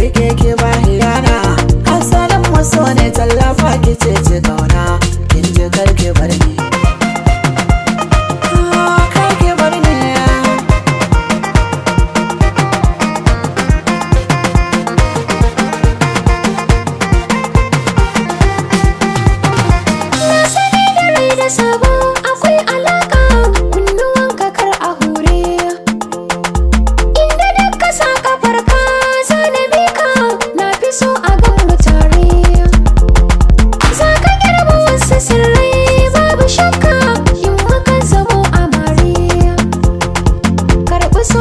rike ki ba hiyana asalin maso ne tallafa ki ce ci kauna kin ji karki bar ni ah, Sabo akwai ala